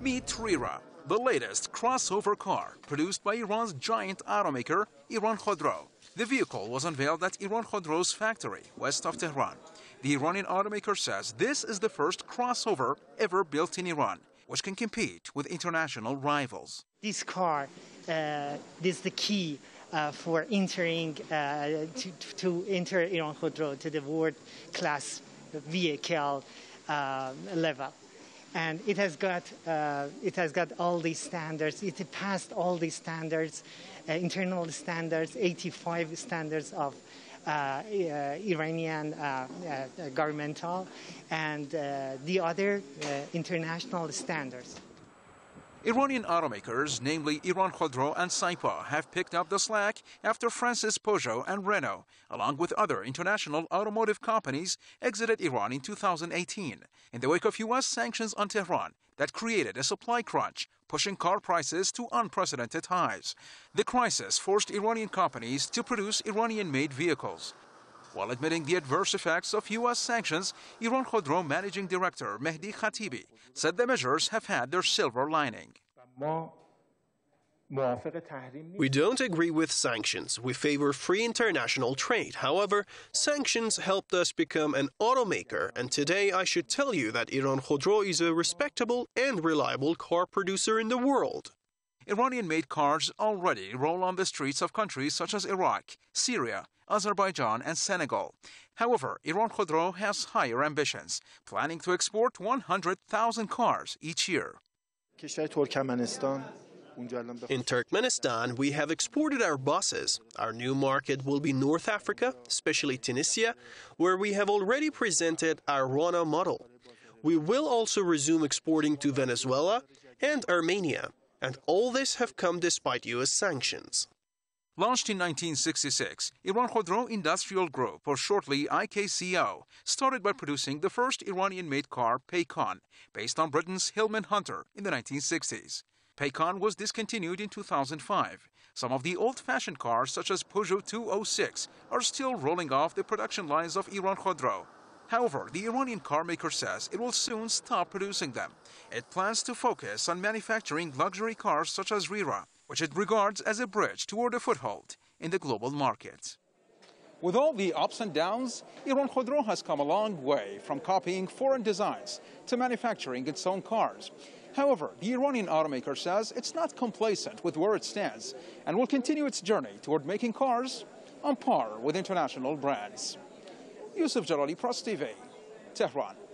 Meet Trira, the latest crossover car produced by Iran's giant automaker Iran Khodro. The vehicle was unveiled at Iran Khodro's factory west of Tehran. The Iranian automaker says this is the first crossover ever built in Iran, which can compete with international rivals. This car uh, is the key uh, for entering uh, to, to, enter Iran Khodro to the world class vehicle uh, level and it has got uh, it has got all these standards. It passed all these standards, uh, internal standards, 85 standards of uh, uh Iranian uh, uh, governmental, and the other international standards. Iranian automakers, namely Iran Khodro and Saipa, have picked up the slack after Francis Peugeot and Renault, along with other international automotive companies, exited Iran in 2018 in the wake of U.S. sanctions on Tehran that created a supply crunch, pushing car prices to unprecedented highs. The crisis forced Iranian companies to produce Iranian made vehicles, while admitting the adverse effects of U.S. sanctions, Iran Khodro Managing Director Mehdi Khatibi said the measures have had their silver lining. We don't agree with sanctions. We favor free international trade. However, sanctions helped us become an automaker, and today I should tell you that Iran Khodro is a respectable and reliable car producer in the world. Iranian made cars already roll on the streets of countries such as Iraq, Syria, Azerbaijan, and Senegal. However, Iran Khodro has higher ambitions, planning to export 100,000 cars each year. In Turkmenistan, we have exported our buses. Our new market will be North Africa, especially Tunisia, where we have already presented our Rana model. We will also resume exporting to Venezuela and Armenia. And all this have come despite US sanctions. Launched in 1966, Iran Khodro Industrial Group, or shortly IKCO, started by producing the first Iranian-made car, Paycon, based on Britain's Hillman Hunter in the 1960s. Paycon was discontinued in 2005. Some of the old-fashioned cars, such as Peugeot 206, are still rolling off the production lines of Iran Khodro. However, the Iranian carmaker says it will soon stop producing them. It plans to focus on manufacturing luxury cars such as Rira, which it regards as a bridge toward a foothold in the global market. With all the ups and downs, Iran Khodro has come a long way from copying foreign designs to manufacturing its own cars. However, the Iranian automaker says it's not complacent with where it stands and will continue its journey toward making cars on par with international brands. Yusuf Jalali Press TV, Tehran.